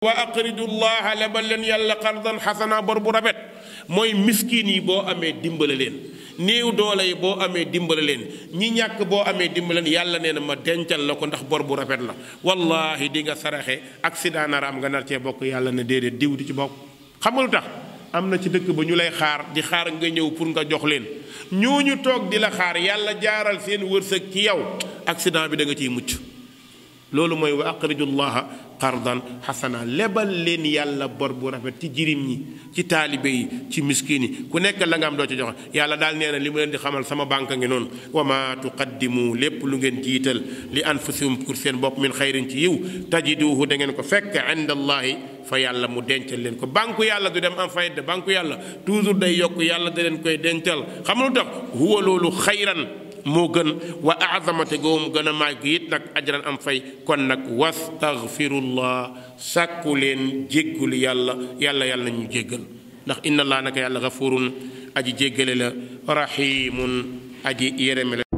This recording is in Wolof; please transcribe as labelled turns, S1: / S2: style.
S1: wa aqridu llaha lebal leen yàlla xardan xasana bor bu rafet mooy miskin yi boo amee dimbale leen néew doole yi boo amee dimbale leen ñi ñàkk boo amee dimbale leen yàlla nee na ma dencal la ko ndax bor bu rafet la wallahi di nga saraxe accident nara am nga nar cee bokk yàlla na déedéet diw di ci bokk xam tax am na ci dëkk ba ñu lay xaar di xaar nga ñëw pour nga jox leen ñu toog di la xaar yàlla jaaral seen wërsëg ci yow accident bi da nga ciy mucc lolu moy wa aqridu allah qardan hasana lebal len yàlla bor bu rafet ci jirim ñi ci talibe yi ci miskini ku nek la nga am doo ci joxe yàlla dal neena limu len di xamal sama banque ngi non wa ma tuqaddimu lépp lu ngeen jital li anfusum pour sen bop min khairin ci yiw tajiduhu da ngeen ko fek inda allah fa yàlla mu dencal len ko banku yàlla du dem am fayda banku yàlla toujours day yok yàlla da leen koy dencal xam lu tax huwa lolu khairan mo gën wa aazamate goomu gën a màgg it nag ajran am fay kon nak wastaghfirullah sakulen leen jéggul yàlla yàlla yàlla ñu jéggal ndax inna allaha naka yàlla ghafurun aji jéggale rahimun aji yërëme